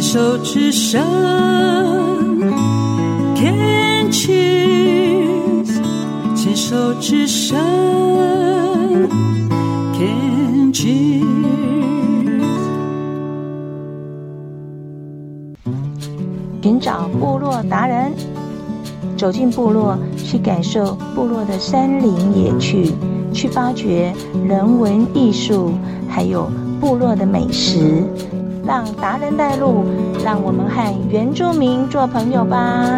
牽手之聲，天晴。牽手之聲，天晴。尋找部落達人，走進部落，去感受部落的山林野趣，去發掘人文藝術，還有部落的美食。讓達人帶路，讓我們和原住民做朋友吧。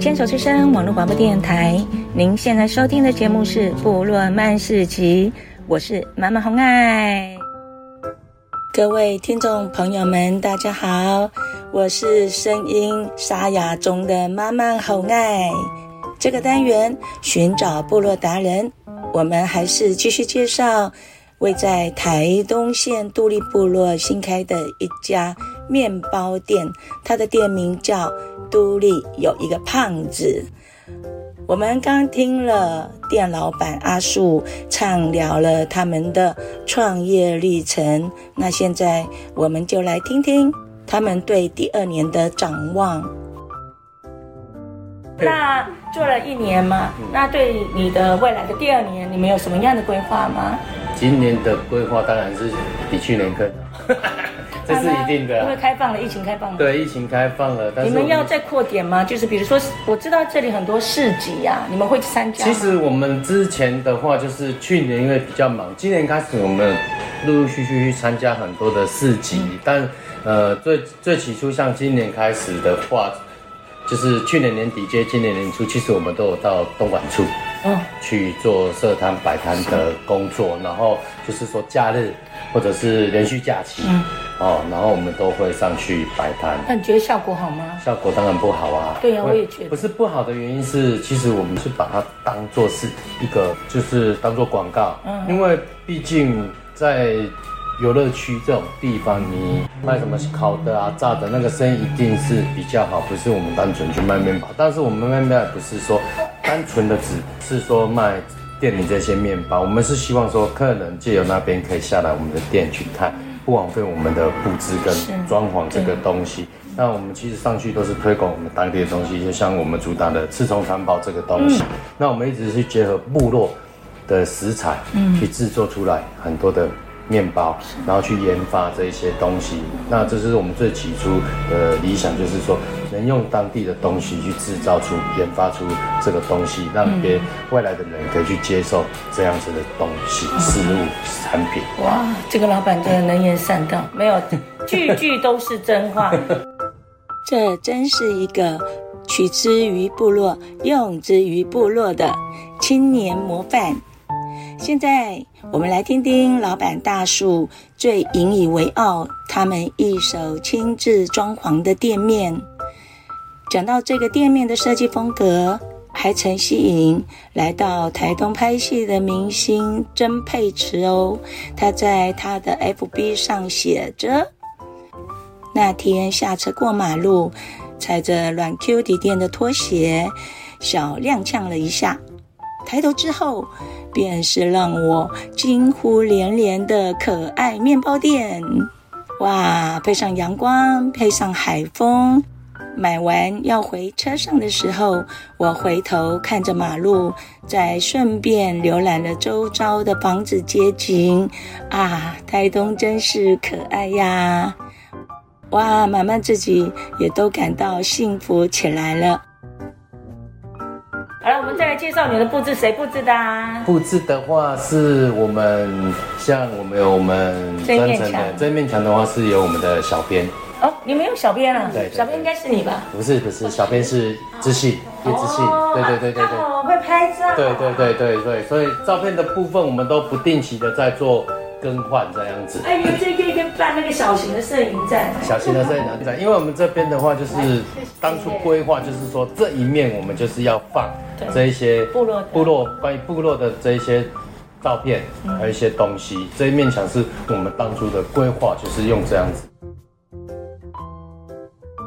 牽手之聲網絡廣播電臺，您現在收聽的節目是《部落漫市集》，我是媽媽紅愛。各位聽眾朋友們，大家好，我是聲音沙啞中的媽媽紅愛。這個單元尋找部落達人，我們還是繼續介紹。位在台東縣都歷部落新開的一家麵包店，它的店名叫都歷有一個胖子。我們剛聽了店老板阿樹暢聊了他們的創業歷程，那現在我們就來聽聽他們對第二年的展望。嘿那做了一年嘛，那對你的未來的第二年，你們有什麼樣的規劃嗎？今年的規劃當然是比去年更好，這是一定的。因為開放了，疫情開放了。對，疫情開放了。但是你們要再擴點嗎？就是比如說，我知道這裡很多市集啊，你們會去參加。其實我們之前的話，就是去年因為比較忙，今年開始我們陸陸續續去參加很多的市集。但呃，最最起初像今年開始的話，就是去年年底接今年年初，其實我們都有到東管處。嗯，哦、去做設攤擺攤的工作，是然後就是說假日或者是連續假期，嗯，哦，然後我們都會上去擺攤。那你覺得效果好嗎？效果當然不好啊。對呀、啊，我也，我也覺得。不是不好的原因是，其實我們是把它當做是一個，就是當做廣告，嗯，因為畢竟在。遊樂區這種地方，你賣什麼烤的啊、炸的，那個生意一定是比較好。不是我們單純去賣麵包，但是我們賣麵不是說單純的只是說賣店裡這些麵包，我們是希望說客人借由那邊可以下來我們的店去看，不枉費我們的佈置跟裝潢這個東西。那我們其實上去都是推廣我們當地的東西，就像我們主打的刺蔥餐包這個東西，那我們一直是結合部落的食材去製作出來很多的。麵包，然後去研發這一些東西。那這是我們最起初的、呃、理想，就是說能用當地的東西去製造出、研發出這個東西，讓別外來的人可以去接受這樣子的東西、事物、產品。哇、嗯啊，這個老闆真的能言善道，對沒有句句都是真話。 這真是一個取之於部落、用之於部落的青年模範。現在我們來聽聽老板大叔最引以為傲他們一手親自裝潢的店面。講到這個店面的設計風格，還曾吸引來到台東拍戲的明星曾沛慈哦。他在他的 FB 上寫着：那天下車過馬路，踩着軟 Q 底墊的拖鞋，小踉蹌了一下，抬頭之後。便是讓我驚呼連連的可愛麵包店，哇！配上陽光，配上海風，買完要回車上的時候，我回頭看着馬路，再順便瀏覽了周遭的房子街景，啊，台東真是可愛呀！哇，滿滿自己也都感到幸福起來了。好了，我們再來介紹你的布置，誰布置的啊？布置的話是我們，像我們有我們專程的這一面牆，這一面牆的話是由我們的小編。哦，你沒有小編啊？對，對，對，小編應該是你吧？不是不是，不是 Okay. 小編是自信，葉 Okay. 自信。Oh, 對對對對對，啊、我會拍照、啊。對對對對對，所以照片的部分我們都不定期的在做。更換這樣子。哎呀，你們這邊可以辦那個小型的攝影展。小型的攝影展，因為我們這邊的話，就是當初規劃，就是說這一面我們就是要放這一些部落部落關於部落的這一些照片，還有一些東西。這一面牆是我們當初的規劃，就是用這樣子。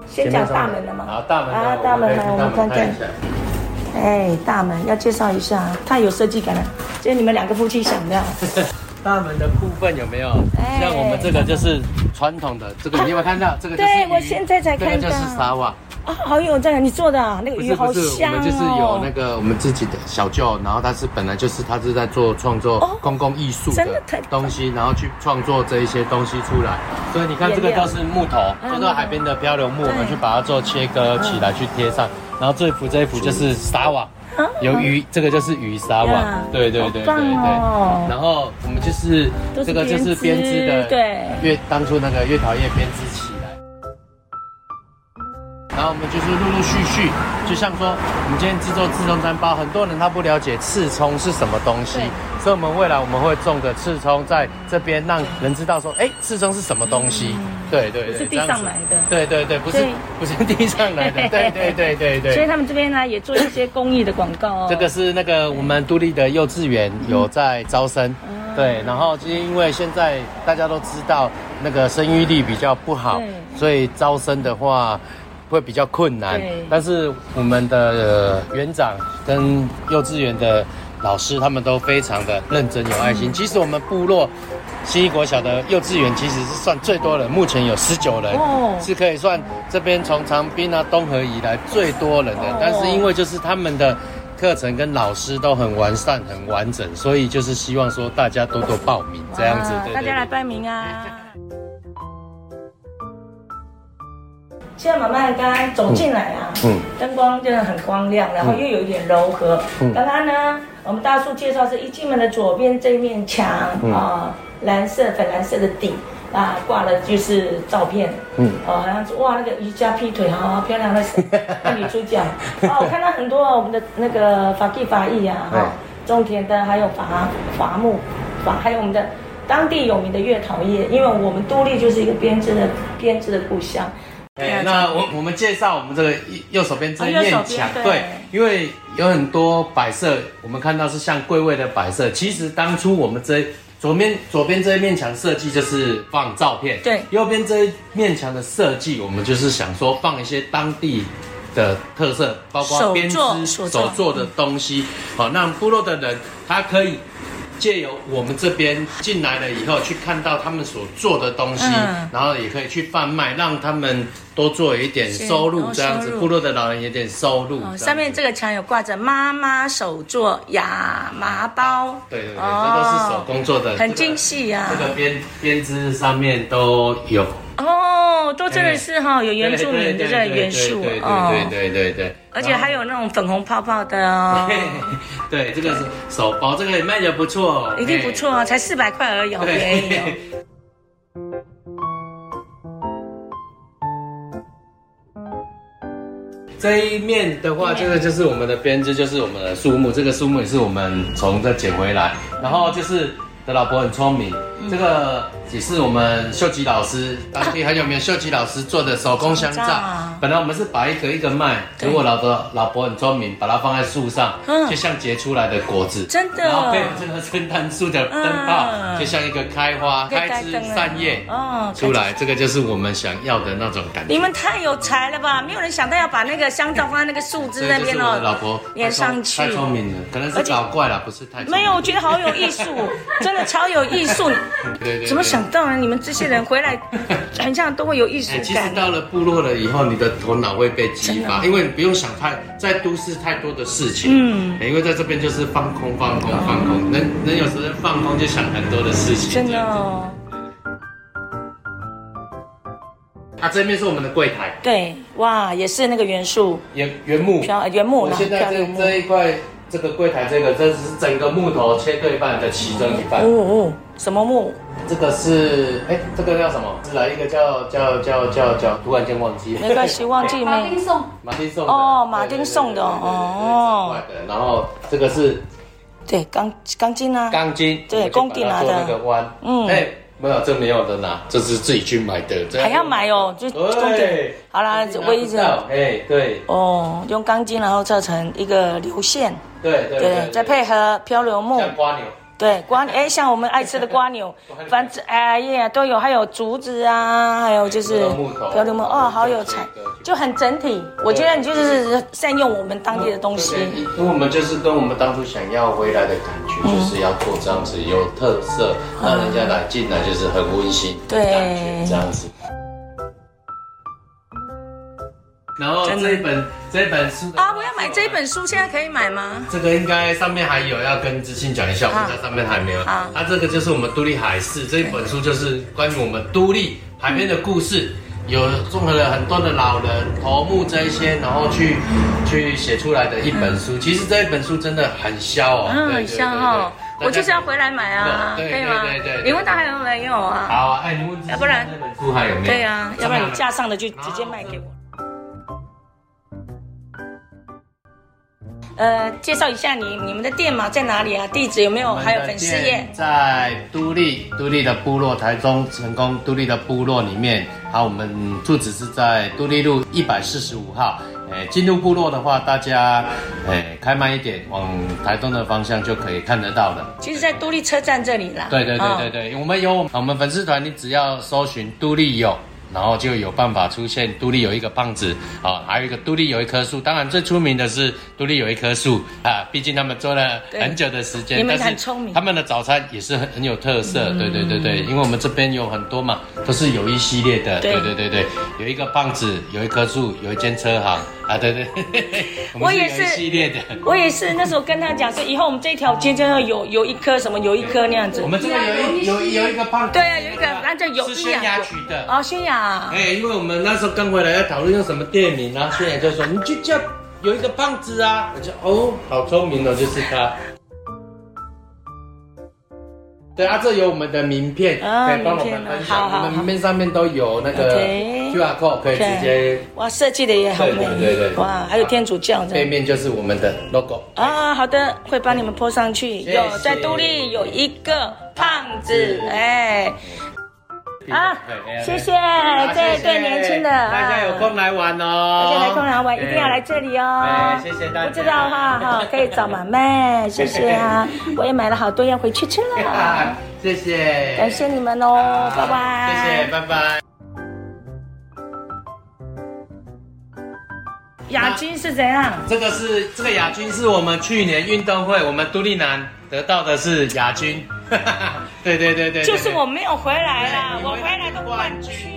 先講大門了嘛、啊啊？啊，大門來，我們看看。哎、欸，大門要介紹一下，太有設計感了、啊啊，就你們兩個夫妻想的大門的部分有沒有？像我們這個就是傳統的，這個你有沒有看到？這個對，我現在才看到，這個就是沙瓦。啊，好有這個你做的那個魚，好像我們就是有那個我們自己的小舅，然後他是本來就是他是在做創作公共藝術的東西，然後去創作這一些東西出來。所以你看這個就是木頭，就是海邊的漂流木，我們去把它做切割起來去貼上，然後這一幅這一幅就是沙瓦。有魚，這個就是魚撒網，yeah, 對對對對對。哦、然後我們就是，是這個就是編織的，對，越當初那個月桃葉編織起來。對然後我們就是陸陸續續，就像說我們今天制作刺蔥餐包，很多人他不了解刺蔥是什麼東西，對所以我們未來我們會種個刺蔥在這邊，讓人知道說，哎、欸，刺蔥是什麼東西？嗯對，對對，是地上來的。對對對，不是以不是地上來的。對對對對對。所以他們這邊呢，也做一些公益的廣告哦。這個是那個我們都歷的幼稚園有在招生，嗯、對。然後就是因為現在大家都知道那個生育率比較不好，對所以招生的話會比較困難。對但是我們的園、呃、長跟幼稚園的老師他們都非常的認真有愛心。嗯、其實我們部落。新一國小的幼稚園其實是算最多人，目前有十九人，是可以算這邊從長濱啊、東河以來最多人的。但是因為就是他們的課程跟老師都很完善、很完整，所以就是希望說大家多多報名這樣子。大家來報名啊！現在媽媽剛剛走進來啊，嗯，燈光真的很光亮，然後又有一點柔和。剛剛呢，我們大叔介紹是一進門的左邊這一面牆啊、嗯呃，藍色粉藍色的底啊，掛了就是照片。嗯，哦、呃，像子哇，那個瑜伽劈腿好、哦、漂亮的神，那那女主角。 哦，我看到很多、啊、我們的那個法紀法藝啊，種、啊嗯、田的，還有伐伐木伐，還有我們的當地有名的月桃葉，因為我們都歷就是一個編織的編織的故鄉。哎、欸，那我我們介紹我們這個右手邊這一面牆，哦、對,對，因為有很多擺設，我們看到是像櫃位的擺設。其實當初我們這左邊左邊這一面牆設計就是放照片，對，右邊這一面牆的設計，我們就是想說放一些當地的特色，包括編織手作的東西，嗯、好，那部落的人他可以。借由我們這邊進來了以後，去看到他們所做的東西，嗯、然後也可以去販賣，讓他們多做一點收入，這樣子。部落的老人有點收入，哦。上面這個牆有掛着媽媽手作亞麻包，對對對，這、哦、都是手工做的，很精細呀，啊這個。這個編編織上面都有。哦，都真的是哈，有原住民的元素啊，對對對對對對，而且還有那種粉紅泡泡的哦，對，這個手包這個也賣的不錯，一定不錯，才四百塊而已。這一面的話，這個就是我們的編織，就是我們的樹木，這個樹木也是我們從這撿回來，然後就是的老婆很聰明。這個也是我們秀吉老師，當地很有名，秀吉老師做的手工香皂。本來我們是把一個一個賣，如果老婆老婆很聰明，把它放在樹上，就像結出來的果子。真的，然後配合聖誕樹的燈泡，就像一個開花、開枝散葉。哦，出來，這個就是我們想要的那種感覺。你們太有才了吧！沒有人想到要把那個香皂放在那個樹枝那邊哦，老婆黏上去，太聰明了，可能是搞怪了，不是太沒有，我覺得好有藝術，真的超有藝術。對對，怎麼想到啊？你們這些人回來，好像都會有藝術感。其實到了部落了以後，你的頭腦會被激發，因為你不用想太在都市太多的事情。嗯，因為在這邊就是放空、放空、放空。能能有時間放空就想很多的事情。真的。啊，這邊是我們的櫃檯。對，哇，也是那個元素，原原木，原木。我現在在這一塊。這個櫃台，這個這是整個木頭切對半的其中一半。嗯嗯，什麼木？這個是，哎，這個叫什麼？來一個叫叫叫叫叫，突然間忘記。沒關係，忘記嗎？馬丁送。馬丁送。哦，馬丁送的哦。買的。然後這個是，對，鋼鋼筋啊。鋼筋。對，工地拿的。那個彎。嗯。哎，沒有，這沒有的啦，這是自己去買的。還要買哦，就重點。好了，微一哎對。哦，用鋼筋然後做成一個流線。對對，對，對，對，再配合漂流木，像對蝸哎、欸，像我們愛吃的蝸牛，反正 哎呀，都有，還有竹子啊，還有就是漂流木，哦，哦好有才，就很整體。我，我覺得你就是、就是、我善用我們當地的東西對對對，因為我們就是跟我們當初想要回來的感覺，就是要做這樣子有特色，讓人家來進來就是很溫馨的感覺對這樣子。然後這一本這一本書啊，我要買這一本書，現在可以買嗎？這個應該上面還有，要跟知信講一下，我們在上面還沒有。啊，那這個就是我們都歷海市，這一本書，就是關於我們都歷海邊的故事，有綜合了很多的老人、頭目這些，然後去去寫出來的一本書。其實這一本書真的很香哦，嗯，很香哦。我就是要回來買啊，對對對。你問他還有沒有啊？好，哎，你問，要不然這本書還有沒有？對啊，要不然你架上的就直接賣給我。呃，介紹一下你你們的店嘛，在哪裡啊？地址有沒有？還有粉絲頁？在都歷都歷的部落，台中成功都歷的部落裡面。好，我們住址是在都歷路一百四十五號。誒、欸，進入部落的話，大家誒、欸嗯、開慢一點，往台東的方向就可以看得到的。其實，在都歷車站這裡啦。對對對對對，哦、我們有我們粉絲團，你只要搜尋都歷有。然後就有辦法出現都歷有一個胖子啊，還有一個都歷有一棵樹。當然最出名的是都歷有一棵樹啊，畢竟他們做了很久的時間，對但是他們的早餐也是很很有特色，嗯、對對對對，因為我們這邊有很多嘛，都是有一系列的，對，對對對對，有一個胖子，有一棵樹，有一間車行。啊，對對，對，我，系列的我也是， 我也是。那時候跟他講說，以後我們這條街就要有有一顆什麼，有一顆那樣子，欸。我們這個有一有一有一個胖子。對啊，有一個，吧那叫有。是宣雅取的。哦，宣雅，哎、欸，因為我們那時候剛回來要討論用什麼店名，然後宣雅就說你就叫有一個胖子啊，我就哦，好聰明哦，就是他。對啊，這有我們的名片，可以幫我們分享。我、啊、們名片上面都有那個 QR code Okay. 可以直接。Okay. 哇，設計的也很美。對對對。哇，還有天主教。背、啊、的面，面就是我們的 logo。啊，好的，會幫你們鋪上去。有謝在都歷有一個胖子哎。謝謝欸啊，謝謝，對對，年輕的，大家有空來玩哦，大家來空來玩，一定要來這裡哦。謝謝大家，不知道的話，哈，可以找媽媽，謝謝啊，我也買了好多要回去吃了，謝謝，感謝你們哦，拜拜，謝謝，拜拜。亞軍是怎樣？這個是這個亞軍是我們去年運動會，我們都歷男得到的是亞軍。哈哈， 對對對對，對，就是我沒有回來啦，yeah, you 我回來都不敢去。